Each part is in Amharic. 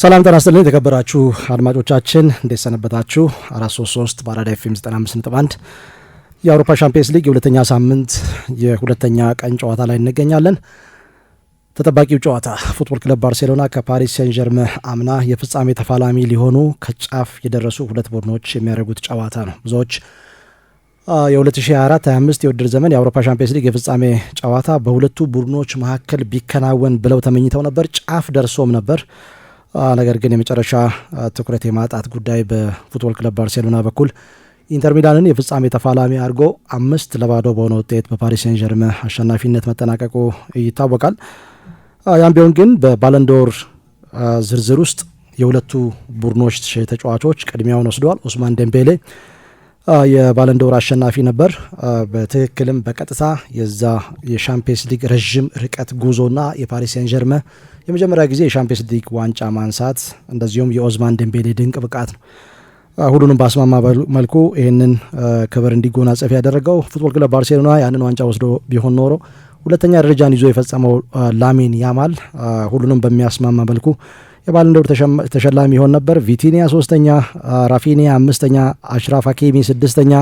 ሰላም ጤና ይስጥልኝ የተከበራችሁ አድማጮቻችን እንዴት ሰነበታችሁ? አራት ሶስት ሶስት በአራዳ ኤፍ ኤም ዘጠና አምስት ነጥብ አንድ የአውሮፓ ሻምፒየንስ ሊግ የሁለተኛ ሳምንት የሁለተኛ ቀን ጨዋታ ላይ እንገኛለን። ተጠባቂው ጨዋታ ፉትቦል ክለብ ባርሴሎና ከፓሪስ ሴን ጀርመ አምና የፍጻሜ ተፋላሚ ሊሆኑ ከጫፍ የደረሱ ሁለት ቡድኖች የሚያደርጉት ጨዋታ ነው። ብዙዎች የ2024 25 የውድድር ዘመን የአውሮፓ ሻምፒየንስ ሊግ የፍጻሜ ጨዋታ በሁለቱ ቡድኖች መካከል ቢከናወን ብለው ተመኝተው ነበር። ጫፍ ደርሶም ነበር። ነገር ግን የመጨረሻ ትኩረት የማጣት ጉዳይ በፉትቦል ክለብ ባርሴሎና በኩል ኢንተር ሚላንን የፍጻሜ ተፋላሚ አድርጎ አምስት ለባዶ በሆነ ውጤት በፓሪስ ሴን አሸናፊነት መጠናቀቁ ይታወቃል። ያም ቢሆን ግን በባለንዶር ዝርዝር ውስጥ የሁለቱ ቡድኖች ተጫዋቾች ቅድሚያውን ወስደዋል። ኡስማን ደምቤሌ የባለንዶር አሸናፊ ነበር። በትክክልም በቀጥታ የዛ የሻምፒየንስ ሊግ ረዥም ርቀት ጉዞና የፓሪስ ሴን የመጀመሪያ ጊዜ የሻምፒየንስ ሊግ ዋንጫ ማንሳት እንደዚሁም የኦዝማን ደንቤሌ ድንቅ ብቃት ነው ሁሉንም በአስማማ መልኩ ይህንን ክብር እንዲጎናጸፍ ያደረገው። ፉትቦል ክለብ ባርሴሎና ያንን ዋንጫ ወስዶ ቢሆን ኖሮ ሁለተኛ ደረጃን ይዞ የፈጸመው ላሚን ያማል ሁሉንም በሚያስማማ መልኩ የባለን ተሸላሚ ይሆን ነበር። ቪቲኒያ ሶስተኛ፣ ራፊኒያ አምስተኛ፣ አሽራፍ ሀኪሚ ስድስተኛ፣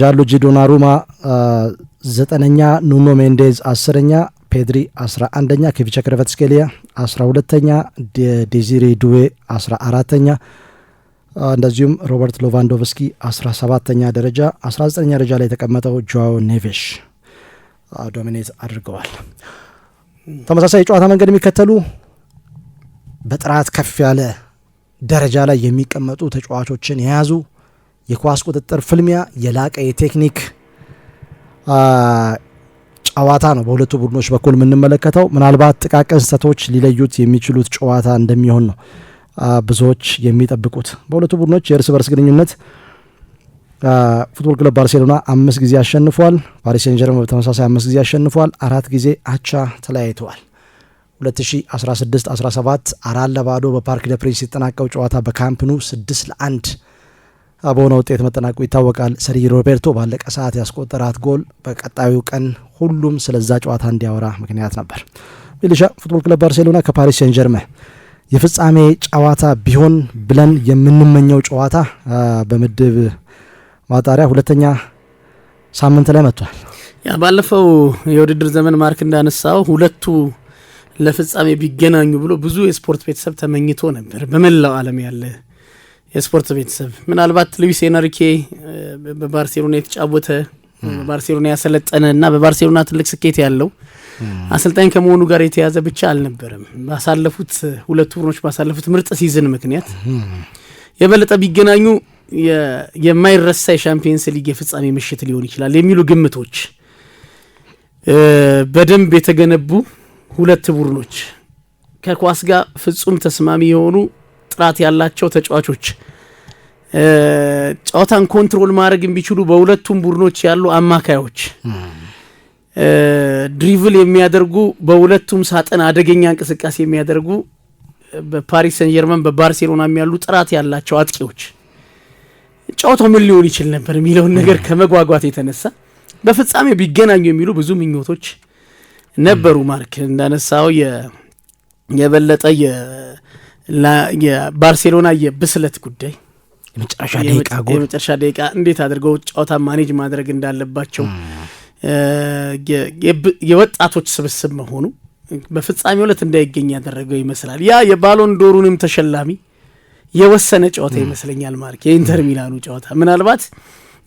ጃሉጂ ዶናሩማ ዘጠነኛ ኑኖ ሜንዴዝ አስረኛ ፔድሪ 11ኛ ኬቪቻ ክረቨትስኬሊያ 12ተኛ ዴዚሬ ዱዌ 14ተኛ እንደዚሁም ሮበርት ሎቫንዶቭስኪ 17ተኛ ደረጃ 19ኛ ደረጃ ላይ የተቀመጠው ጆዋው ኔቬሽ ዶሚኔት አድርገዋል። ተመሳሳይ የጨዋታ መንገድ የሚከተሉ በጥራት ከፍ ያለ ደረጃ ላይ የሚቀመጡ ተጫዋቾችን የያዙ የኳስ ቁጥጥር ፍልሚያ የላቀ የቴክኒክ ጨዋታ ነው በሁለቱ ቡድኖች በኩል የምንመለከተው። ምናልባት ጥቃቅን ስህተቶች ሊለዩት የሚችሉት ጨዋታ እንደሚሆን ነው ብዙዎች የሚጠብቁት። በሁለቱ ቡድኖች የእርስ በርስ ግንኙነት ፉትቦል ክለብ ባርሴሎና አምስት ጊዜ አሸንፏል። ፓሪስ ሴን ጀርመን በተመሳሳይ አምስት ጊዜ አሸንፏል። አራት ጊዜ አቻ ተለያይተዋል። 2016 17 አራት ለባዶ በፓርክ ደ ፕሪንስ የተጠናቀው ጨዋታ በካምፕኑ 6 ለአንድ በሆነ ውጤት መጠናቁ ይታወቃል። ሰሪ ሮቤርቶ ባለቀ ሰዓት ያስቆጠራት ጎል በቀጣዩ ቀን ሁሉም ስለዛ ጨዋታ እንዲያወራ ምክንያት ነበር። ሚልሻ ፉትቦል ክለብ ባርሴሎና ከፓሪስ ሴን ጀርመ የፍጻሜ ጨዋታ ቢሆን ብለን የምንመኘው ጨዋታ በምድብ ማጣሪያ ሁለተኛ ሳምንት ላይ መጥቷል። ያ ባለፈው የውድድር ዘመን ማርክ እንዳነሳው ሁለቱ ለፍጻሜ ቢገናኙ ብሎ ብዙ የስፖርት ቤተሰብ ተመኝቶ ነበር። በመላው ዓለም ያለ የስፖርት ቤተሰብ ምናልባት ሉዊስ ኤንሪኬ በባርሴሎና የተጫወተ በባርሴሎና ያሰለጠነ እና በባርሴሎና ትልቅ ስኬት ያለው አሰልጣኝ ከመሆኑ ጋር የተያዘ ብቻ አልነበረም። ባሳለፉት ሁለቱ ቡድኖች ባሳለፉት ምርጥ ሲዝን ምክንያት የበለጠ ቢገናኙ የማይረሳ የሻምፒየንስ ሊግ የፍጻሜ ምሽት ሊሆን ይችላል የሚሉ ግምቶች በደንብ የተገነቡ ሁለት ቡድኖች ከኳስ ጋር ፍጹም ተስማሚ የሆኑ ጥራት ያላቸው ተጫዋቾች ጨዋታን ኮንትሮል ማድረግ የሚችሉ በሁለቱም ቡድኖች ያሉ አማካዮች ድሪቭል የሚያደርጉ በሁለቱም ሳጥን አደገኛ እንቅስቃሴ የሚያደርጉ በፓሪስ ሰን ጀርመን በባርሴሎናም ያሉ ጥራት ያላቸው አጥቂዎች ጨዋታው ምን ሊሆን ይችል ነበር የሚለውን ነገር ከመጓጓት የተነሳ በፍጻሜ ቢገናኙ የሚሉ ብዙ ምኞቶች ነበሩ። ማርክ እንዳነሳው የበለጠ የባርሴሎና የብስለት ጉዳይ የመጨረሻ ደቂቃ ጎል የመጨረሻ ደቂቃ እንዴት አድርገው ጨዋታ ማኔጅ ማድረግ እንዳለባቸው የወጣቶች ስብስብ መሆኑ በፍጻሜ ሁለት እንዳይገኝ ያደረገው ይመስላል። ያ የባሎን ዶሩንም ተሸላሚ የወሰነ ጨዋታ ይመስለኛል። ማርክ የኢንተር ሚላኑ ጨዋታ ምናልባት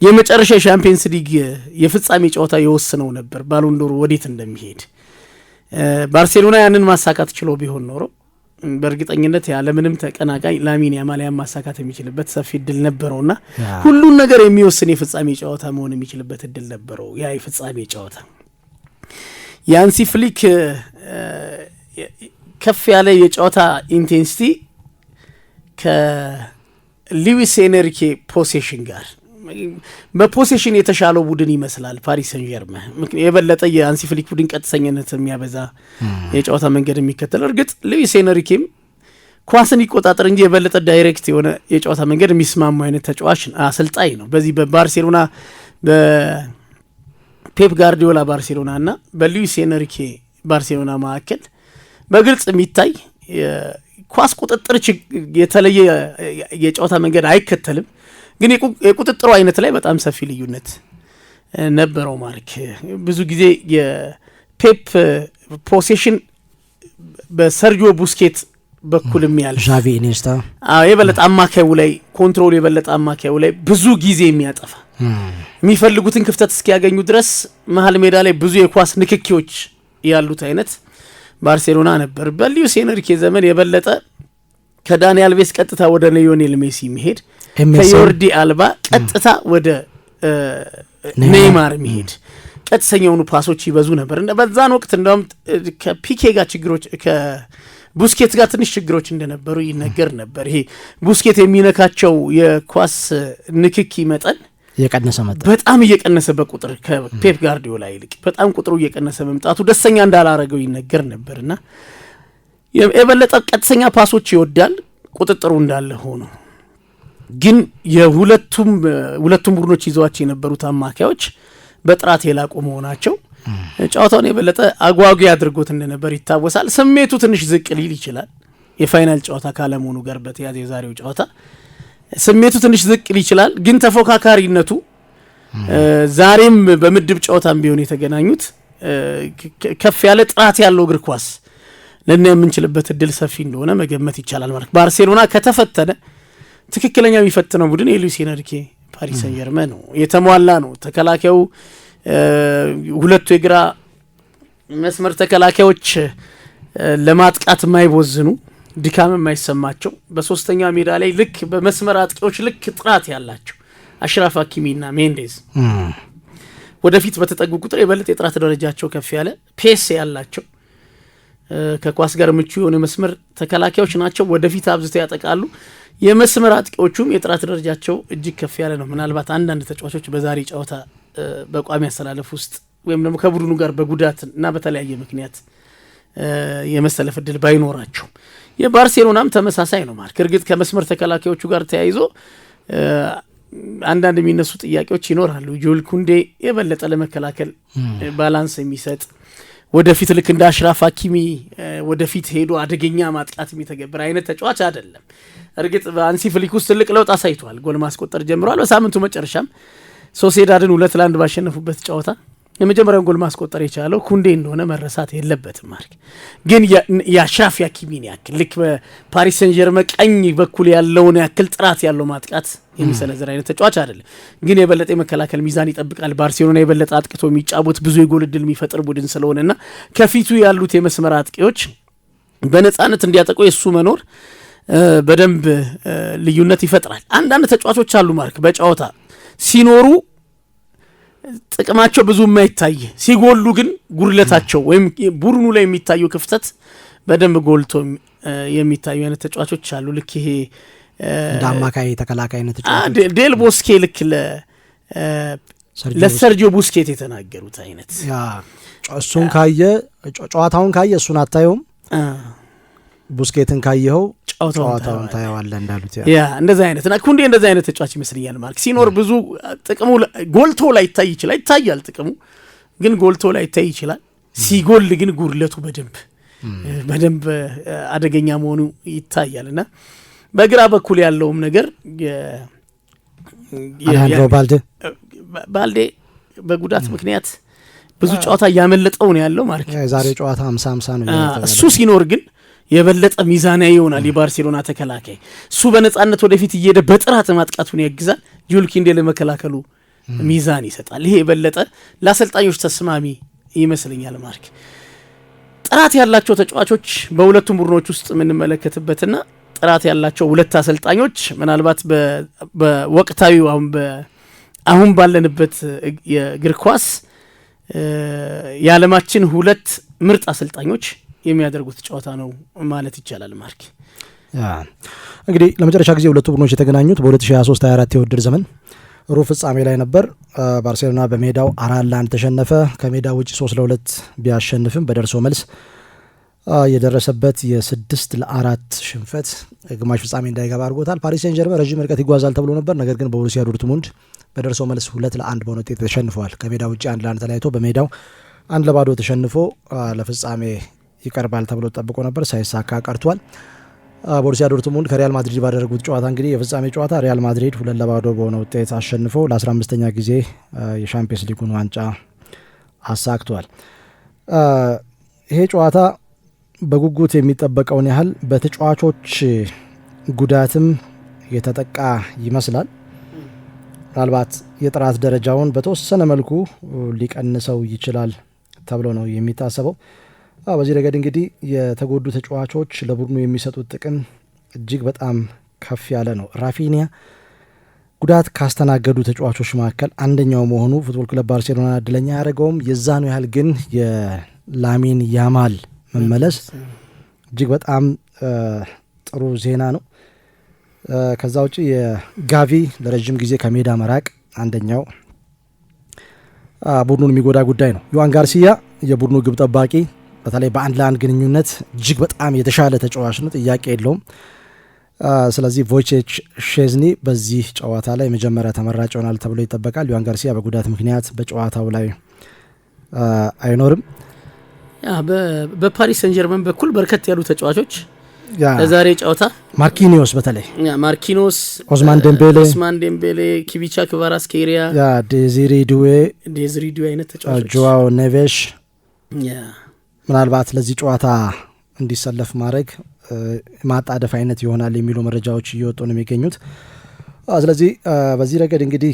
የመጨረሻ የሻምፒየንስ ሊግ የፍጻሜ ጨዋታ የወስነው ነበር ባሎን ዶሩ ወዴት እንደሚሄድ ባርሴሎና ያንን ማሳካት ችሎ ቢሆን ኖረው በእርግጠኝነት ያለምንም ተቀናቃኝ ላሚን ማሊያ ማሳካት የሚችልበት ሰፊ እድል ነበረው እና ሁሉን ነገር የሚወስን የፍጻሜ ጨዋታ መሆን የሚችልበት እድል ነበረው ያ የፍጻሜ ጨዋታ። የአንሲ ፍሊክ ከፍ ያለ የጨዋታ ኢንቴንሲቲ ከሊዊስ ኤነሪኬ ፖሴሽን ጋር በፖሴሽን የተሻለው ቡድን ይመስላል ፓሪስ ሰን ዠርመ የበለጠ የአንሲ ፍሊክ ቡድን ቀጥተኝነት የሚያበዛ የጨዋታ መንገድ የሚከተል እርግጥ ሉዊስ ኤንሪኬም ኳስን ይቆጣጠር እንጂ የበለጠ ዳይሬክት የሆነ የጨዋታ መንገድ የሚስማሙ አይነት ተጫዋች አሰልጣኝ ነው። በዚህ በባርሴሎና በፔፕ ጋርዲዮላ ባርሴሎና እና በሉዊስ ኤንሪኬ ባርሴሎና መካከል በግልጽ የሚታይ ኳስ ቁጥጥር የተለየ የጨዋታ መንገድ አይከተልም። ግን የቁጥጥሩ አይነት ላይ በጣም ሰፊ ልዩነት ነበረው። ማርክ ብዙ ጊዜ የፔፕ ፖሴሽን በሰርጆ ቡስኬት በኩል የሚያል ዣቪ ኢኔስታ የበለጠ አማካዩ ላይ ኮንትሮል የበለጠ አማካዩ ላይ ብዙ ጊዜ የሚያጠፋ የሚፈልጉትን ክፍተት እስኪያገኙ ድረስ መሀል ሜዳ ላይ ብዙ የኳስ ንክኪዎች ያሉት አይነት ባርሴሎና ነበር። በሊዩስ ኤንሪኬ ዘመን የበለጠ ከዳኒ አልቬስ ቀጥታ ወደ ሊዮኔል ሜሲ መሄድ፣ ከዮርዲ አልባ ቀጥታ ወደ ኔይማር መሄድ ቀጥተኛውኑ ፓሶች ይበዙ ነበር። በዛን ወቅት እንደውም ከፒኬ ጋር ችግሮች ከቡስኬት ጋር ትንሽ ችግሮች እንደነበሩ ይነገር ነበር። ይሄ ቡስኬት የሚነካቸው የኳስ ንክኪ መጠን እየቀነሰ መጣ። በጣም እየቀነሰ በቁጥር ከፔፕ ጋርዲዮላ ይልቅ በጣም ቁጥሩ እየቀነሰ መምጣቱ ደስተኛ እንዳላረገው ይነገር ነበርና የበለጠ ቀጥተኛ ፓሶች ይወዳል ቁጥጥሩ እንዳለ ሆኖ ግን የሁለቱም ሁለቱም ቡድኖች ይዘዋቸው የነበሩት አማካዮች በጥራት የላቁ መሆናቸው ጨዋታውን የበለጠ አጓጊ አድርጎት እንደነበር ይታወሳል። ስሜቱ ትንሽ ዝቅ ሊል ይችላል። የፋይናል ጨዋታ ካለመሆኑ ጋር በተያዘ የዛሬው ጨዋታ ስሜቱ ትንሽ ዝቅ ሊል ይችላል። ግን ተፎካካሪነቱ ዛሬም በምድብ ጨዋታም ቢሆን የተገናኙት ከፍ ያለ ጥራት ያለው እግር ኳስ ልናይ የምንችልበት እድል ሰፊ እንደሆነ መገመት ይቻላል ማለት ባርሴሎና ከተፈተነ ትክክለኛ የሚፈትነው ቡድን የሉዊስ ኤንሪኬ ፓሪስ ሰን ጀርመን ነው። የተሟላ ነው። ተከላካዩ ሁለቱ የግራ መስመር ተከላካዮች ለማጥቃት የማይቦዝኑ ድካም የማይሰማቸው በሶስተኛ ሜዳ ላይ ልክ በመስመር አጥቂዎች ልክ ጥራት ያላቸው አሽራፍ ሀኪሚና ሜንዴዝ ወደፊት በተጠጉ ቁጥር የበለጠ የጥራት ደረጃቸው ከፍ ያለ ፔስ ያላቸው ከኳስ ጋር ምቹ የሆነ የመስመር ተከላካዮች ናቸው። ወደፊት አብዝተው ያጠቃሉ። የመስመር አጥቂዎቹም የጥራት ደረጃቸው እጅግ ከፍ ያለ ነው። ምናልባት አንዳንድ ተጫዋቾች በዛሬ ጨዋታ በቋሚ አሰላለፍ ውስጥ ወይም ደግሞ ከቡድኑ ጋር በጉዳት እና በተለያየ ምክንያት የመሰለፍ እድል ባይኖራቸውም የባርሴሎናም ተመሳሳይ ነው። ማርክ እርግጥ ከመስመር ተከላካዮቹ ጋር ተያይዞ አንዳንድ የሚነሱ ጥያቄዎች ይኖራሉ። ጆል ኩንዴ የበለጠ ለመከላከል ባላንስ የሚሰጥ ወደፊት ልክ እንደ አሽራፍ ሀኪሚ ወደፊት ሄዶ አደገኛ ማጥቃት የሚተገብር አይነት ተጫዋች አይደለም። እርግጥ በአንሲ ፍሊክ ውስጥ ትልቅ ለውጥ አሳይቷል። ጎል ማስቆጠር ጀምረዋል። በሳምንቱ መጨረሻም ሶሴዳድን ሁለት ለአንድ ባሸነፉበት ጨዋታ የመጀመሪያውን ጎል ማስቆጠር የቻለው ኩንዴ እንደሆነ መረሳት የለበትም። አሪክ ግን የአሽራፍ ያኪሚን ያክል ልክ በፓሪስ ሰን ቀኝ በኩል ያለውን ያክል ጥራት ያለው ማጥቃት የሚሰነዘር አይነት ተጫዋች አይደለም። ግን የበለጠ የመከላከል ሚዛን ይጠብቃል። ባርሴሎና የበለጠ አጥቅቶ የሚጫወት ብዙ የጎል እድል የሚፈጥር ቡድን ስለሆነና ከፊቱ ያሉት የመስመር አጥቂዎች በነጻነት እንዲያጠቁ የእሱ መኖር በደንብ ልዩነት ይፈጥራል። አንዳንድ ተጫዋቾች አሉ ማርክ በጨዋታ ሲኖሩ ጥቅማቸው ብዙ የማይታይ ሲጎሉ ግን ጉድለታቸው ወይም ቡድኑ ላይ የሚታየው ክፍተት በደንብ ጎልቶ የሚታዩ አይነት ተጫዋቾች አሉ። ልክ ይሄ እንደ አማካይ ተከላካይ አይነት ዴል ቦስኬ ልክ ለሰርጂዮ ቡስኬት የተናገሩት አይነት እሱን ካየ ጨዋታውን ካየ እሱን አታየውም ቡስኬትን ካየኸው ጨዋታውን ታየዋለህ እንዳሉት ያ እንደዚ አይነት እና ኩንዴ እንደዚ አይነት ተጫዋች ይመስልኛል። ማለት ሲኖር ብዙ ጥቅሙ ጎልቶ ላይ ይታይ ይችላል፣ ይታያል ጥቅሙ ግን ጎልቶ ላይ ይታይ ይችላል። ሲጎል ግን ጉድለቱ በደንብ በደንብ አደገኛ መሆኑ ይታያል እና በግራ በኩል ያለውም ነገር አሌሃንድሮ ባልዴ ባልዴ በጉዳት ምክንያት ብዙ ጨዋታ እያመለጠው ነው ያለው ማለት ነው። የዛሬ ጨዋታ ሀምሳ ሀምሳ ነው። እሱ ሲኖር ግን የበለጠ ሚዛናዊ ይሆናል። የባርሴሎና ተከላካይ እሱ በነጻነት ወደፊት እየሄደ በጥራት ማጥቃቱን ያግዛል። ጁል ለመከላከሉ ሚዛን ይሰጣል። ይሄ የበለጠ ለአሰልጣኞች ተስማሚ ይመስለኛል። ማርክ ጥራት ያላቸው ተጫዋቾች በሁለቱም ቡድኖች ውስጥ የምንመለከትበትና ጥራት ያላቸው ሁለት አሰልጣኞች ምናልባት በወቅታዊ አሁን አሁን ባለንበት የእግር ኳስ የዓለማችን ሁለት ምርጥ አሰልጣኞች የሚያደርጉት ጨዋታ ነው ማለት ይቻላል። ማርክ እንግዲህ ለመጨረሻ ጊዜ ሁለቱ ቡድኖች የተገናኙት በ2023 24 የውድድር ዘመን ሩብ ፍጻሜ ላይ ነበር። ባርሴሎና በሜዳው አራት ለአንድ ተሸነፈ። ከሜዳ ውጭ ሶስት ለሁለት ቢያሸንፍም በደርሶ መልስ የደረሰበት የስድስት ለአራት ሽንፈት ግማሽ ፍጻሜ እንዳይገባ አድርጎታል። ፓሪስ ሴን ጀርመን ረዥም ርቀት ይጓዛል ተብሎ ነበር። ነገር ግን በቦሩሲያ ዶርትሙንድ በደርሶ መልስ ሁለት ለአንድ በሆነ ውጤት ተሸንፈዋል። ከሜዳ ውጭ አንድ ለአንድ ተለያይቶ በሜዳው አንድ ለባዶ ተሸንፎ ለፍጻሜ ይቀርባል ተብሎ ተጠብቆ ነበር፣ ሳይሳካ ቀርቷል። ቦሩሲያ ዶርትሙንድ ከሪያል ማድሪድ ባደረጉት ጨዋታ እንግዲህ የፍጻሜ ጨዋታ ሪያል ማድሪድ ሁለት ለባዶ በሆነ ውጤት አሸንፎ ለ15ኛ ጊዜ የሻምፒየንስ ሊጉን ዋንጫ አሳክቷል። ይሄ ጨዋታ በጉጉት የሚጠበቀውን ያህል በተጫዋቾች ጉዳትም የተጠቃ ይመስላል። ምናልባት የጥራት ደረጃውን በተወሰነ መልኩ ሊቀንሰው ይችላል ተብሎ ነው የሚታሰበው። በዚህ ረገድ እንግዲህ የተጎዱ ተጫዋቾች ለቡድኑ የሚሰጡት ጥቅም እጅግ በጣም ከፍ ያለ ነው። ራፊኒያ ጉዳት ካስተናገዱ ተጫዋቾች መካከል አንደኛው መሆኑ ፉትቦል ክለብ ባርሴሎና እድለኛ ያደረገውም የዛኑ ያህል ግን የላሚን ያማል መመለስ እጅግ በጣም ጥሩ ዜና ነው። ከዛ ውጭ የጋቪ ለረዥም ጊዜ ከሜዳ መራቅ አንደኛው ቡድኑን የሚጎዳ ጉዳይ ነው። ዮዋን ጋርሲያ የቡድኑ ግብ ጠባቂ በተለይ በአንድ ለአንድ ግንኙነት እጅግ በጣም የተሻለ ተጫዋች ነው፣ ጥያቄ የለውም። ስለዚህ ቮይቼች ሼዝኒ በዚህ ጨዋታ ላይ መጀመሪያ ተመራጭ ይሆናል ተብሎ ይጠበቃል። ዮሃን ጋርሲያ በጉዳት ምክንያት በጨዋታው ላይ አይኖርም። በፓሪስ ሰን ጀርመን በኩል በርከት ያሉ ተጫዋቾች ለዛሬ ጨዋታ ማርኪኒዮስ በተለይ ማርኪኒዮስ፣ ኦስማን ዴምቤሌ ኦስማን ዴምቤሌ፣ ኪቪቻ ክቫራትስኬሊያ፣ ዴዚሪ ዱዌ ዴዚሪ ዱዌ አይነት ተጫዋቾች ጆዋው ኔቬሽ ምናልባት ለዚህ ጨዋታ እንዲሰለፍ ማድረግ ማጣደፍ አይነት ይሆናል የሚሉ መረጃዎች እየወጡ ነው የሚገኙት። ስለዚህ በዚህ ረገድ እንግዲህ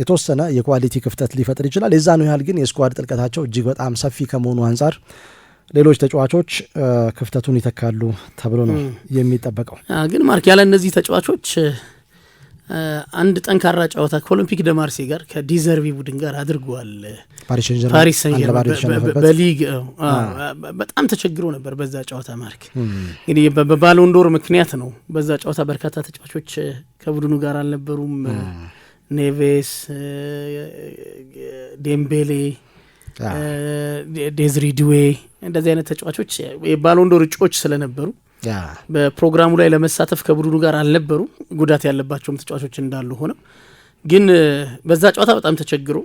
የተወሰነ የኳሊቲ ክፍተት ሊፈጥር ይችላል። የዛኑ ያህል ግን የስኳድ ጥልቀታቸው እጅግ በጣም ሰፊ ከመሆኑ አንጻር ሌሎች ተጫዋቾች ክፍተቱን ይተካሉ ተብሎ ነው የሚጠበቀው። ግን ማርክ ያለ እነዚህ ተጫዋቾች አንድ ጠንካራ ጨዋታ ከኦሎምፒክ ደማርሴ ጋር ከዲዘርቪ ቡድን ጋር አድርጓል። በሊግ በጣም ተቸግሮ ነበር በዛ ጨዋታ ማርክ እንግዲህ በባሎንዶር ምክንያት ነው። በዛ ጨዋታ በርካታ ተጫዋቾች ከቡድኑ ጋር አልነበሩም። ኔቬስ፣ ዴምቤሌ፣ ዴዝሪ እንደዚህ አይነት ተጫዋቾች የባሎንዶር እጩዎች ስለነበሩ በፕሮግራሙ ላይ ለመሳተፍ ከቡድኑ ጋር አልነበሩም። ጉዳት ያለባቸውም ተጫዋቾች እንዳሉ ሆነው ግን በዛ ጨዋታ በጣም ተቸግሮ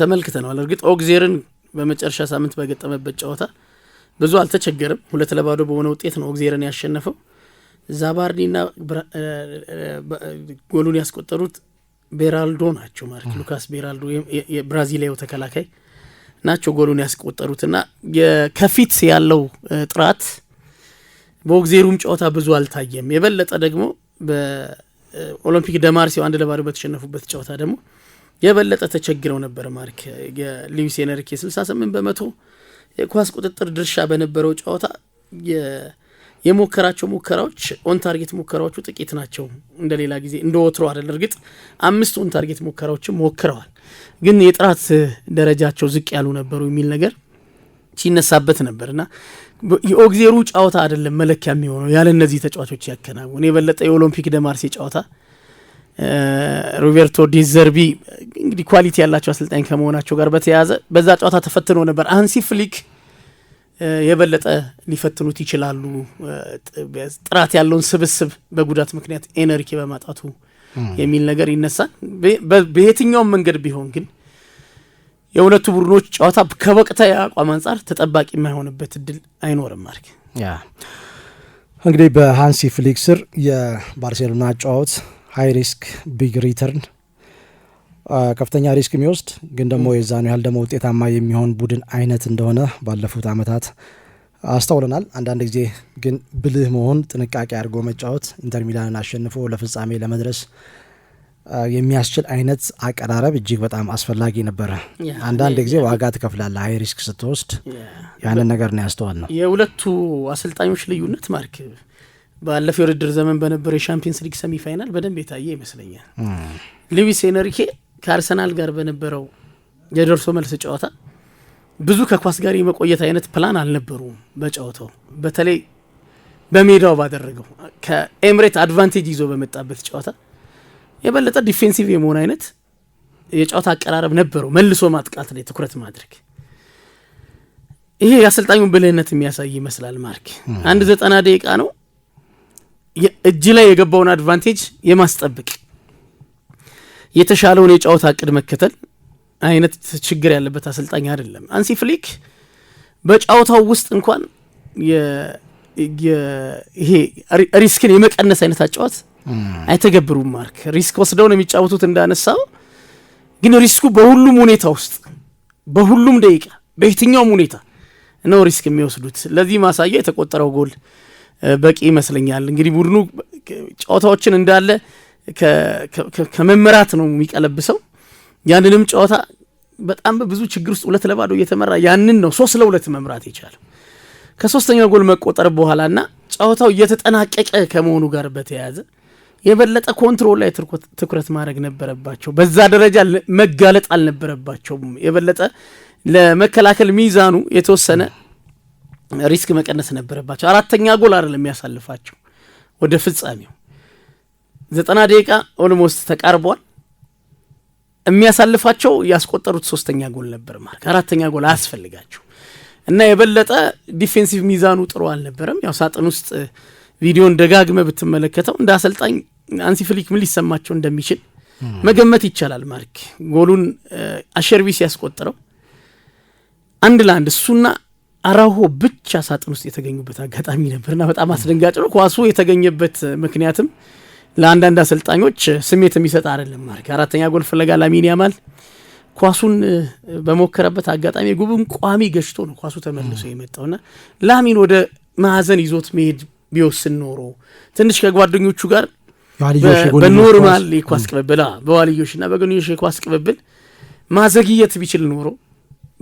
ተመልክተነዋል። እርግጥ ኦግዜርን በመጨረሻ ሳምንት በገጠመበት ጨዋታ ብዙ አልተቸገርም። ሁለት ለባዶ በሆነ ውጤት ነው ኦግዜርን ያሸነፈው። ዛባርኒና ጎሉን ያስቆጠሩት ቤራልዶ ናቸው። ማለት ሉካስ ቤራልዶ የብራዚሊያው ተከላካይ ናቸው ጎሉን ያስቆጠሩትና ከፊት ያለው ጥራት በኦግዜሩም ጨዋታ ብዙ አልታየም። የበለጠ ደግሞ በኦሎምፒክ ደማርሲው አንድ ለባዶ በተሸነፉበት ጨዋታ ደግሞ የበለጠ ተቸግረው ነበር። ማርክ የሉዊስ ኤንሪኬ 68 በመቶ የኳስ ቁጥጥር ድርሻ በነበረው ጨዋታ የሞከራቸው ሙከራዎች ኦን ታርጌት ሙከራዎቹ ጥቂት ናቸው። እንደሌላ ጊዜ እንደ ወትሮ አይደል። እርግጥ አምስት ኦን ታርጌት ሙከራዎችም ሞክረዋል፣ ግን የጥራት ደረጃቸው ዝቅ ያሉ ነበሩ የሚል ነገር ይነሳበት ነበርና የኦግዜሩ ጨዋታ አይደለም መለኪያ የሚሆነው ያለ እነዚህ ተጫዋቾች ያከናውን የበለጠ የኦሎምፒክ ደማርሴ ጨዋታ ሮቤርቶ ዲዘርቢ እንግዲህ ኳሊቲ ያላቸው አሰልጣኝ ከመሆናቸው ጋር በተያያዘ በዛ ጨዋታ ተፈትኖ ነበር። አንሲ ፍሊክ የበለጠ ሊፈትኑት ይችላሉ። ጥራት ያለውን ስብስብ በጉዳት ምክንያት ኤነርኪ በማጣቱ የሚል ነገር ይነሳል። በየትኛውም መንገድ ቢሆን ግን የሁለቱ ቡድኖች ጨዋታ ከወቅታዊ አቋም አንጻር ተጠባቂ የማይሆንበት እድል አይኖርም። ማርክ እንግዲህ በሃንሲ ፍሊክ ስር የባርሴሎና ጨዋት ሀይ ሪስክ ቢግ ሪተርን ከፍተኛ ሪስክ የሚወስድ ግን ደግሞ የዛኑ ያህል ደግሞ ውጤታማ የሚሆን ቡድን አይነት እንደሆነ ባለፉት ዓመታት አስተውለናል። አንዳንድ ጊዜ ግን ብልህ መሆን፣ ጥንቃቄ አድርጎ መጫወት ኢንተር ሚላንን አሸንፎ ለፍጻሜ ለመድረስ የሚያስችል አይነት አቀራረብ እጅግ በጣም አስፈላጊ ነበረ። አንዳንድ ጊዜ ዋጋ ትከፍላለህ፣ ሀይ ሪስክ ስትወስድ ያንን ነገር ነው ያስተዋል ነው። የሁለቱ አሰልጣኞች ልዩነት ማርክ ባለፈው የውድድር ዘመን በነበረ የሻምፒየንስ ሊግ ሰሚ ፋይናል በደንብ የታየ ይመስለኛል። ሉዊስ ኤንሪኬ ከአርሰናል ጋር በነበረው የደርሶ መልስ ጨዋታ ብዙ ከኳስ ጋር የመቆየት አይነት ፕላን አልነበሩም። በጨዋታው በተለይ በሜዳው ባደረገው ከኤምሬት አድቫንቴጅ ይዞ በመጣበት ጨዋታ የበለጠ ዲፌንሲቭ የመሆን አይነት የጨዋታ አቀራረብ ነበረው። መልሶ ማጥቃት ላይ ትኩረት ማድረግ ይሄ የአሰልጣኙን ብልህነት የሚያሳይ ይመስላል። ማርክ አንድ ዘጠና ደቂቃ ነው እጅ ላይ የገባውን አድቫንቴጅ የማስጠብቅ የተሻለውን የጨዋታ እቅድ መከተል አይነት ችግር ያለበት አሰልጣኝ አይደለም። አንሲ ፍሊክ በጨዋታው ውስጥ እንኳን ይሄ ሪስክን የመቀነስ አይነት አጫዋት አይተገብሩም። ማርክ ሪስክ ወስደው ነው የሚጫወቱት እንዳነሳው። ግን ሪስኩ በሁሉም ሁኔታ ውስጥ በሁሉም ደቂቃ በየትኛውም ሁኔታ ነው ሪስክ የሚወስዱት። ለዚህ ማሳያ የተቆጠረው ጎል በቂ ይመስለኛል። እንግዲህ ቡድኑ ጨዋታዎችን እንዳለ ከመመራት ነው የሚቀለብሰው። ያንንም ጨዋታ በጣም በብዙ ችግር ውስጥ ሁለት ለባዶ እየተመራ ያንን ነው ሶስት ለሁለት መምራት የቻለው ከሶስተኛው ጎል መቆጠር በኋላና ጨዋታው እየተጠናቀቀ ከመሆኑ ጋር በተያያዘ የበለጠ ኮንትሮል ላይ ትኩረት ማድረግ ነበረባቸው። በዛ ደረጃ መጋለጥ አልነበረባቸውም። የበለጠ ለመከላከል ሚዛኑ የተወሰነ ሪስክ መቀነስ ነበረባቸው። አራተኛ ጎል አይደለም የሚያሳልፋቸው ወደ ፍጻሜው ዘጠና ደቂቃ ኦልሞስት ተቃርቧል። የሚያሳልፋቸው ያስቆጠሩት ሶስተኛ ጎል ነበር ማርክ አራተኛ ጎል አያስፈልጋቸው እና የበለጠ ዲፌንሲቭ ሚዛኑ ጥሩ አልነበረም። ያው ሳጥን ውስጥ ቪዲዮን ደጋግመ ብትመለከተው እንደ አሰልጣኝ አንሲ ፍሊክ ምን ሊሰማቸው እንደሚችል መገመት ይቻላል። ማርክ ጎሉን አሸርቢ ሲያስቆጥረው አንድ ለአንድ እሱና አራሆ ብቻ ሳጥን ውስጥ የተገኙበት አጋጣሚ ነበርና በጣም አስደንጋጭ ነው። ኳሱ የተገኘበት ምክንያትም ለአንዳንድ አሰልጣኞች ስሜት የሚሰጥ አይደለም። ማርክ አራተኛ ጎል ፍለጋ ላሚን ያማል ኳሱን በሞከረበት አጋጣሚ ጉብን ቋሚ ገጭቶ ነው ኳሱ ተመልሶ የመጣውና ላሚን ወደ ማዕዘን ይዞት መሄድ ቢወስን ኖሮ ትንሽ ከጓደኞቹ ጋር በኖርማል የኳስ ቅብብል በዋልዮሽና በጎንዮሽ የኳስ ቅብብል ማዘግየት ቢችል ኖሮ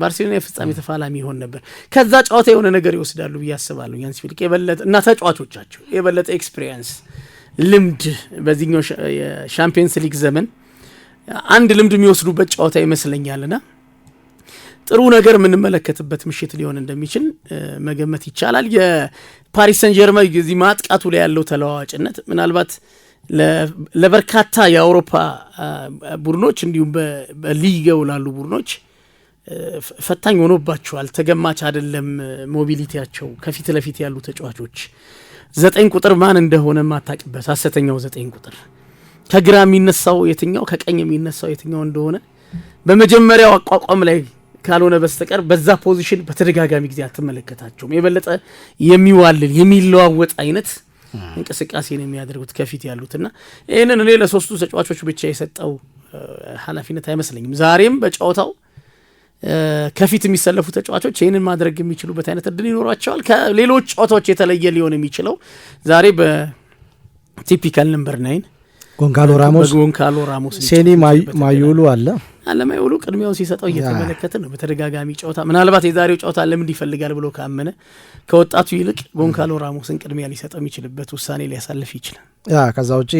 ባርሴሎና የፍጻሜ ተፋላሚ ይሆን ነበር። ከዛ ጨዋታ የሆነ ነገር ይወስዳሉ ብዬ አስባለሁ። ያን የበለጠ እና ተጫዋቾቻቸው የበለጠ ኤክስፒሪየንስ ልምድ በዚህኛው የሻምፒየንስ ሊግ ዘመን አንድ ልምድ የሚወስዱበት ጨዋታ ይመስለኛልና ጥሩ ነገር የምንመለከትበት ምሽት ሊሆን እንደሚችል መገመት ይቻላል። የፓሪስ ሰን ጀርመን እዚህ ማጥቃቱ ላይ ያለው ተለዋዋጭነት ምናልባት ለበርካታ የአውሮፓ ቡድኖች እንዲሁም በሊገው ላሉ ቡድኖች ፈታኝ ሆኖባቸዋል። ተገማች አይደለም ሞቢሊቲያቸው። ከፊት ለፊት ያሉ ተጫዋቾች ዘጠኝ ቁጥር ማን እንደሆነ የማታውቅበት ሐሰተኛው ዘጠኝ ቁጥር ከግራ የሚነሳው የትኛው ከቀኝ የሚነሳው የትኛው እንደሆነ በመጀመሪያው አቋቋም ላይ ካልሆነ በስተቀር በዛ ፖዚሽን በተደጋጋሚ ጊዜ አትመለከታቸውም። የበለጠ የሚዋልል የሚለዋወጥ አይነት እንቅስቃሴ የሚያደርጉት ከፊት ያሉትና ይህንን እኔ ለሶስቱ ተጫዋቾች ብቻ የሰጠው ኃላፊነት አይመስለኝም። ዛሬም በጨዋታው ከፊት የሚሰለፉ ተጫዋቾች ይህንን ማድረግ የሚችሉበት አይነት እድል ይኖሯቸዋል። ከሌሎች ጨዋታዎች የተለየ ሊሆን የሚችለው ዛሬ በቲፒካል ነምበር ናይን ጎንካሎ ራሞስ ሴኒ ማዩሉ አለ ለማይውሉ ቅድሚያውን ሲሰጠው እየተመለከትን ነው። በተደጋጋሚ ጨዋታ ምናልባት የዛሬው ጨዋታ ለምን ይፈልጋል ብሎ ካመነ ከወጣቱ ይልቅ ጎንካሎ ራሞስን ቅድሚያ ሊሰጠው የሚችልበት ውሳኔ ሊያሳልፍ ይችላል። ያ ከዛ ውጪ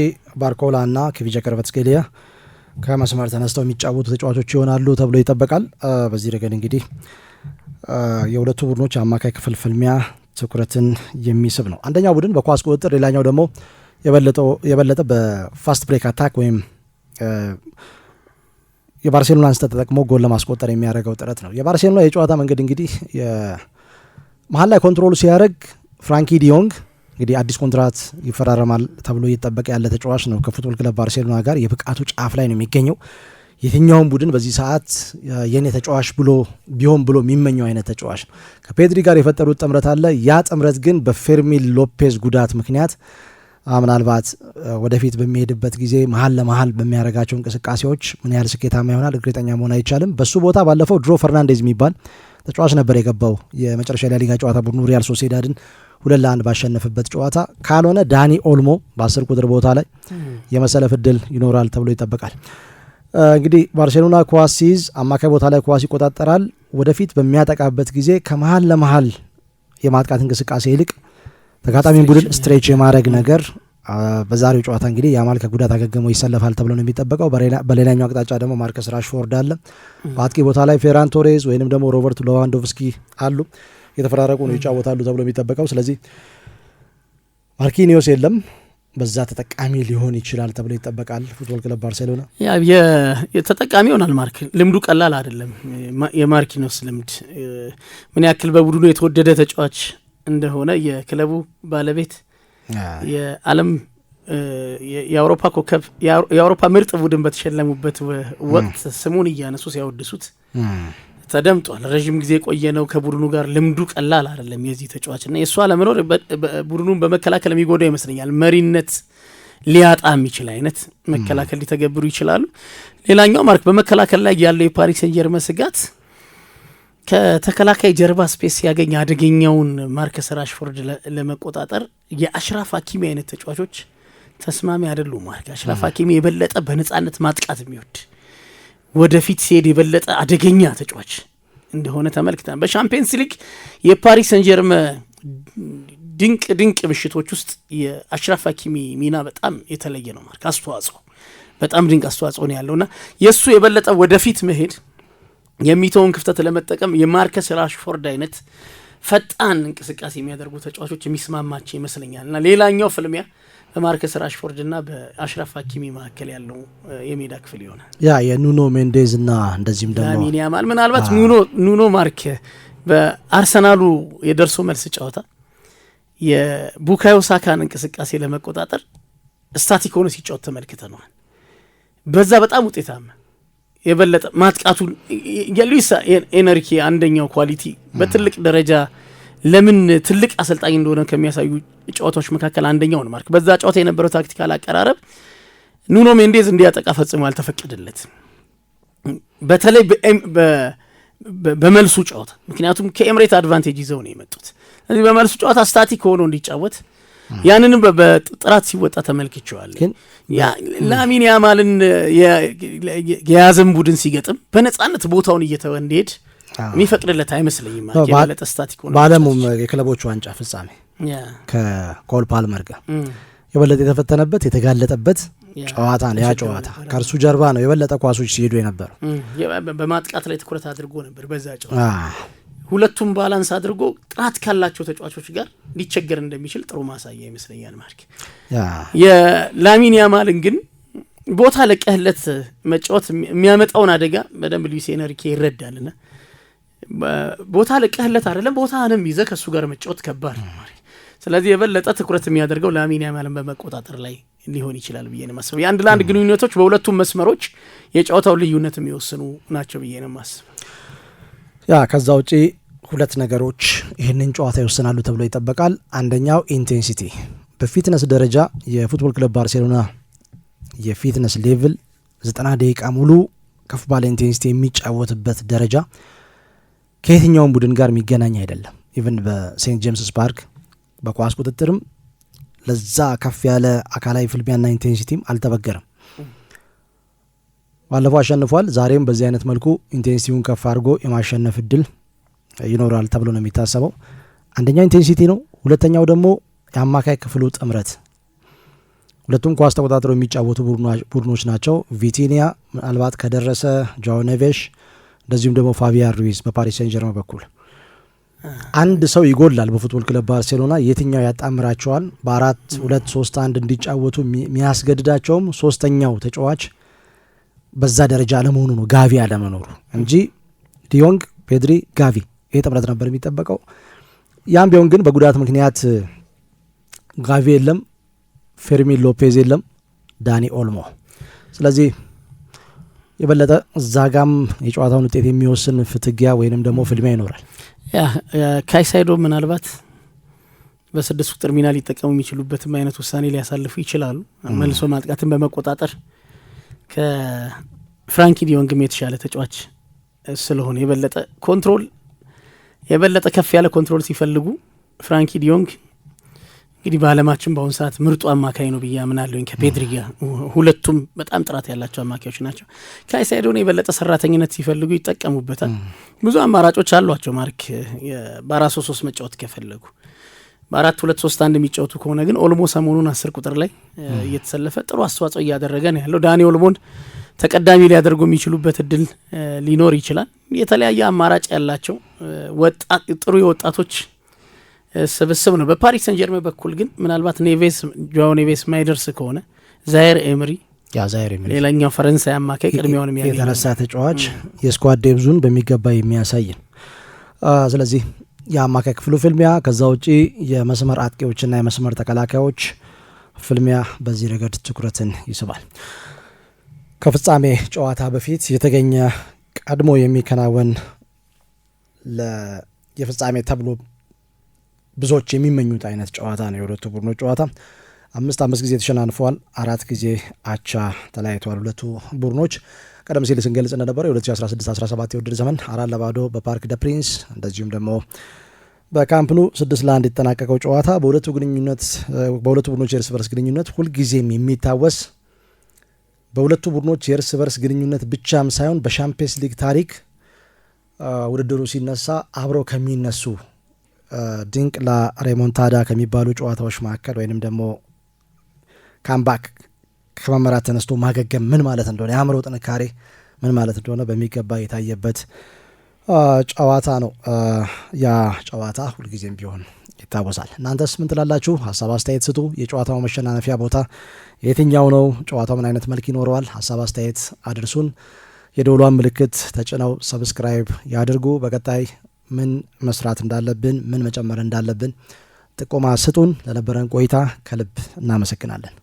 ባርኮላ እና ኪቪቼ ክvaratskhelia ከመስመር ተነስተው የሚጫወቱ ተጫዋቾች ይሆናሉ ተብሎ ይጠበቃል። በዚህ ረገድ እንግዲህ የሁለቱ ቡድኖች አማካይ ክፍል ፍልሚያ ትኩረትን የሚስብ ነው። አንደኛው ቡድን በኳስ ቁጥጥር፣ ሌላኛው ደግሞ የበለጠ በፋስት ብሬክ አታክ ወይም የባርሴሎና አንስተ ተጠቅሞ ጎል ለማስቆጠር የሚያደርገው ጥረት ነው። የባርሴሎና የጨዋታ መንገድ እንግዲህ መሀል ላይ ኮንትሮሉ ሲያደርግ ፍራንኪ ዲዮንግ እንግዲህ አዲስ ኮንትራት ይፈራረማል ተብሎ እየጠበቀ ያለ ተጫዋች ነው። ከፉትቦል ክለብ ባርሴሎና ጋር የብቃቱ ጫፍ ላይ ነው የሚገኘው። የትኛውም ቡድን በዚህ ሰዓት የኔ ተጫዋች ብሎ ቢሆን ብሎ የሚመኘው አይነት ተጫዋች ነው። ከፔድሪ ጋር የፈጠሩት ጥምረት አለ። ያ ጥምረት ግን በፌርሚን ሎፔዝ ጉዳት ምክንያት ምናልባት ወደፊት በሚሄድበት ጊዜ መሀል ለመሀል በሚያደርጋቸው እንቅስቃሴዎች ምን ያህል ስኬታማ ይሆናል እርግጠኛ መሆን አይቻልም። በሱ ቦታ ባለፈው ድሮ ፈርናንዴዝ የሚባል ተጫዋች ነበር የገባው የመጨረሻ ሊጋ ጨዋታ ቡድኑ ሪያል ሶሴዳድን ሁለት ለአንድ ባሸነፍበት ጨዋታ ካልሆነ ዳኒ ኦልሞ በአስር ቁጥር ቦታ ላይ የመሰለፍ እድል ይኖራል ተብሎ ይጠበቃል። እንግዲህ ባርሴሎና ኳስ ሲይዝ አማካይ ቦታ ላይ ኳስ ይቆጣጠራል። ወደፊት በሚያጠቃበት ጊዜ ከመሀል ለመሀል የማጥቃት እንቅስቃሴ ይልቅ ተጋጣሚ ቡድን ስትሬች የማድረግ ነገር በዛሬው ጨዋታ እንግዲህ ያማል ከጉዳት አገግሞ ይሰለፋል ተብሎ ነው የሚጠበቀው። በሌላኛው አቅጣጫ ደግሞ ማርከስ ራሽፎርድ አለ። በአጥቂ ቦታ ላይ ፌራን ቶሬዝ ወይንም ደግሞ ሮበርት ሎዋንዶቭስኪ አሉ። የተፈራረቁ ነው ይጫወታሉ ተብሎ የሚጠበቀው። ስለዚህ ማርኪኒዮስ የለም፣ በዛ ተጠቃሚ ሊሆን ይችላል ተብሎ ይጠበቃል። ፉትቦል ክለብ ባርሴሎና ተጠቃሚ ይሆናል። ማርክ ልምዱ ቀላል አይደለም። የማርኪኒዮስ ልምድ ምን ያክል በቡድኑ የተወደደ ተጫዋች እንደሆነ የክለቡ ባለቤት የዓለም የአውሮፓ ኮከብ የአውሮፓ ምርጥ ቡድን በተሸለሙበት ወቅት ስሙን እያነሱ ሲያወድሱት ተደምጧል። ረዥም ጊዜ የቆየ ነው። ከቡድኑ ጋር ልምዱ ቀላል አይደለም የዚህ ተጫዋች ና የእሷ አለመኖር ቡድኑን በመከላከል የሚጎዳው ይመስለኛል። መሪነት ሊያጣ የሚችል አይነት መከላከል ሊተገብሩ ይችላሉ። ሌላኛው ማርክ በመከላከል ላይ ያለው የፓሪስ ሰን ጀርመን ስጋት ከተከላካይ ጀርባ ስፔስ ያገኝ አደገኛውን ማርከስ ራሽፎርድ ለመቆጣጠር የአሽራፍ ሀኪሚ አይነት ተጫዋቾች ተስማሚ አይደሉም። ማለት አሽራፍ ሀኪሚ የበለጠ በነጻነት ማጥቃት የሚወድ ወደፊት ሲሄድ የበለጠ አደገኛ ተጫዋች እንደሆነ ተመልክተናል። በሻምፒየንስ ሊግ የፓሪስ ሰንጀርመ ድንቅ ድንቅ ምሽቶች ውስጥ የአሽራፍ ሀኪሚ ሚና በጣም የተለየ ነው። ማለት አስተዋጽኦ በጣም ድንቅ አስተዋጽኦ ነው ያለውና የእሱ የበለጠ ወደፊት መሄድ የሚተውን ክፍተት ለመጠቀም የማርከስ ራሽፎርድ አይነት ፈጣን እንቅስቃሴ የሚያደርጉ ተጫዋቾች የሚስማማቸው ይመስለኛል እና ሌላኛው ፍልሚያ በማርከስ ራሽፎርድ እና በአሽራፍ ሀኪሚ መካከል ያለው የሜዳ ክፍል ይሆናል። ያ የኑኖ ሜንዴዝ እና እንደዚህም ደግሞ ላሚን ያማል ምናልባት ኑኖ ማርክ በአርሰናሉ የደርሶ መልስ ጨዋታ የቡካዮ ሳካን እንቅስቃሴ ለመቆጣጠር ስታቲክ ሆኖ ሲጫወት ተመልክተነዋል። በዛ በጣም ውጤታማ የበለጠ ማጥቃቱን የሉዊስ ኤነርኪ አንደኛው ኳሊቲ በትልቅ ደረጃ ለምን ትልቅ አሰልጣኝ እንደሆነ ከሚያሳዩ ጨዋታዎች መካከል አንደኛው ነው። ማርክ በዛ ጨዋታ የነበረው ታክቲካል አቀራረብ ኑኖ ሜንዴዝ እንዲያጠቃ ፈጽሞ አልተፈቀደለት፣ በተለይ በመልሱ ጨዋታ ምክንያቱም ከኤምሬት አድቫንቴጅ ይዘው ነው የመጡት። ስለዚህ በመልሱ ጨዋታ ስታቲክ ሆኖ እንዲጫወት ያንንም በጥራት ሲወጣ ተመልክቸዋል። ላሚን ያማልን የያዘን ቡድን ሲገጥም በነጻነት ቦታውን እየተወ እንዲሄድ የሚፈቅድለት አይመስለኝም። የበለጠ ስታቲክ ሆነ በዓለሙም የክለቦቹ ዋንጫ ፍጻሜ ከኮል ፓልመር ጋር የበለጠ የተፈተነበት የተጋለጠበት ጨዋታ ነው። ያ ጨዋታ ከእርሱ ጀርባ ነው የበለጠ ኳሶች ሲሄዱ የነበረው። በማጥቃት ላይ ትኩረት አድርጎ ነበር በዛ ጨዋታ ሁለቱም ባላንስ አድርጎ ጥራት ካላቸው ተጫዋቾች ጋር ሊቸገር እንደሚችል ጥሩ ማሳያ ይመስለኛል። ማርክ የላሚን ያማልን ግን ቦታ ለቀህለት መጫወት የሚያመጣውን አደጋ በደንብ ሉዊስ ኤንሪኬ ይረዳልና ቦታ ለቀህለት አይደለም ቦታንም ይዘ ከእሱ ጋር መጫወት ከባድ ነው። ስለዚህ የበለጠ ትኩረት የሚያደርገው ላሚን ያማልን በመቆጣጠር ላይ ሊሆን ይችላል ብዬ ነው የማስበው። የአንድ ለአንድ ግንኙነቶች በሁለቱም መስመሮች የጨዋታውን ልዩነት የሚወስኑ ናቸው ብዬ ነው የማስበው። ያ ከዛ ውጪ ሁለት ነገሮች ይህንን ጨዋታ ይወስናሉ ተብሎ ይጠበቃል። አንደኛው ኢንቴንሲቲ፣ በፊትነስ ደረጃ የፉትቦል ክለብ ባርሴሎና የፊትነስ ሌቭል ዘጠና ደቂቃ ሙሉ ከፍ ባለ ኢንቴንሲቲ የሚጫወትበት ደረጃ ከየትኛውም ቡድን ጋር የሚገናኝ አይደለም። ኢቨን በሴንት ጄምስስ ፓርክ በኳስ ቁጥጥርም ለዛ ከፍ ያለ አካላዊ ፍልሚያና ኢንቴንሲቲም አልተበገረም። ባለፈው አሸንፏል። ዛሬም በዚህ አይነት መልኩ ኢንቴንሲቲውን ከፍ አድርጎ የማሸነፍ እድል ይኖራል ተብሎ ነው የሚታሰበው። አንደኛው ኢንቴንሲቲ ነው። ሁለተኛው ደግሞ የአማካይ ክፍሉ ጥምረት። ሁለቱም ኳስ ተቆጣጥረው የሚጫወቱ ቡድኖች ናቸው። ቪቲኒያ ምናልባት ከደረሰ ጃኦ ኔቬሽ፣ እንደዚሁም ደግሞ ፋቢያን ሩዊዝ በፓሪስ ሴን ጀርመን በኩል አንድ ሰው ይጎላል። በፉትቦል ክለብ ባርሴሎና የትኛው ያጣምራቸዋል በአራት ሁለት ሶስት አንድ እንዲጫወቱ የሚያስገድዳቸውም ሶስተኛው ተጫዋች በዛ ደረጃ አለመሆኑ ነው፣ ጋቪ አለመኖሩ እንጂ ዲዮንግ፣ ፔድሪ፣ ጋቪ ይሄ ጥምረት ነበር የሚጠበቀው። ያም ቢሆን ግን በጉዳት ምክንያት ጋቪ የለም፣ ፌርሚን ሎፔዝ የለም፣ ዳኒ ኦልሞ። ስለዚህ የበለጠ እዛ ጋም የጨዋታውን ውጤት የሚወስን ፍትጊያ ወይንም ደግሞ ፍልሚያ ይኖራል። ካይሳይዶ ምናልባት በስድስት ቁጥር ሚና ሊጠቀሙ የሚችሉበትም አይነት ውሳኔ ሊያሳልፉ ይችላሉ። መልሶ ማጥቃትን በመቆጣጠር ከፍራንኪ ዲዮንግም የተሻለ ተጫዋች ስለሆነ የበለጠ ኮንትሮል የበለጠ ከፍ ያለ ኮንትሮል ሲፈልጉ ፍራንኪ ዲዮንግ እንግዲህ በአለማችን በአሁኑ ሰዓት ምርጡ አማካኝ ነው ብዬ አምናለሁኝ። ከፔድሪ ጋር ሁለቱም በጣም ጥራት ያላቸው አማካዮች ናቸው። ካይሳይዶን የበለጠ ሰራተኝነት ሲፈልጉ ይጠቀሙበታል። ብዙ አማራጮች አሏቸው። ማርክ በአራት ሶስት ሶስት መጫወት ከፈለጉ በአራት ሁለት ሶስት አንድ የሚጫወቱ ከሆነ ግን ኦልሞ ሰሞኑን አስር ቁጥር ላይ እየተሰለፈ ጥሩ አስተዋጽኦ እያደረገ ነው ያለው ዳኒ ኦልሞን ተቀዳሚ ሊያደርጉ የሚችሉበት እድል ሊኖር ይችላል። የተለያየ አማራጭ ያላቸው ጥሩ የወጣቶች ስብስብ ነው። በፓሪስ ሰን በኩል ግን ምናልባት ኔቬስ ጆዋ ኔቬስ ማይደርስ ከሆነ ዛይር ኤምሪ ሌላኛው ፈረንሳይ አማካይ ቅድሚያውን የተነሳ ተጫዋች የስኳድ ደብዙን በሚገባ የሚያሳይን ስለዚህ የአማካይ ክፍሉ ፍልሚያ ከዛ ውጪ የመስመር አጥቂዎችና የመስመር ተከላካዮች ፍልሚያ በዚህ ረገድ ትኩረትን ይስባል። ከፍጻሜ ጨዋታ በፊት የተገኘ ቀድሞ የሚከናወን የፍጻሜ ተብሎ ብዙዎች የሚመኙት አይነት ጨዋታ ነው። የሁለቱ ቡድኖች ጨዋታ አምስት አምስት ጊዜ ተሸናንፈዋል። አራት ጊዜ አቻ ተለያይተዋል። ሁለቱ ቡድኖች ቀደም ሲል ስንገልጽ እንደነበረው የ2016/17 የውድድር ዘመን አራት ለባዶ በፓርክ ደ ፕሪንስ እንደዚሁም ደግሞ በካምፕኑ ስድስት ለአንድ የተጠናቀቀው ጨዋታ በሁለቱ ግንኙነት በሁለቱ ቡድኖች የእርስ በርስ ግንኙነት ሁልጊዜም የሚታወስ በሁለቱ ቡድኖች የእርስ በርስ ግንኙነት ብቻም ሳይሆን በሻምፒየንስ ሊግ ታሪክ ውድድሩ ሲነሳ አብረው ከሚነሱ ድንቅ ላሬሞንታዳ ከሚባሉ ጨዋታዎች መካከል ወይንም ደግሞ ካምባክ ከመመራት ተነስቶ ማገገም ምን ማለት እንደሆነ የአእምሮ ጥንካሬ ምን ማለት እንደሆነ በሚገባ የታየበት ጨዋታ ነው። ያ ጨዋታ ሁልጊዜም ቢሆን ይታወሳል። እናንተስ ምን ትላላችሁ? ሀሳብ አስተያየት ስጡ። የጨዋታው መሸናነፊያ ቦታ የትኛው ነው? ጨዋታው ምን አይነት መልክ ይኖረዋል? ሀሳብ አስተያየት አድርሱን። የደውሏን ምልክት ተጭነው ሰብስክራይብ ያድርጉ። በቀጣይ ምን መስራት እንዳለብን፣ ምን መጨመር እንዳለብን ጥቆማ ስጡን። ለነበረን ቆይታ ከልብ እናመሰግናለን።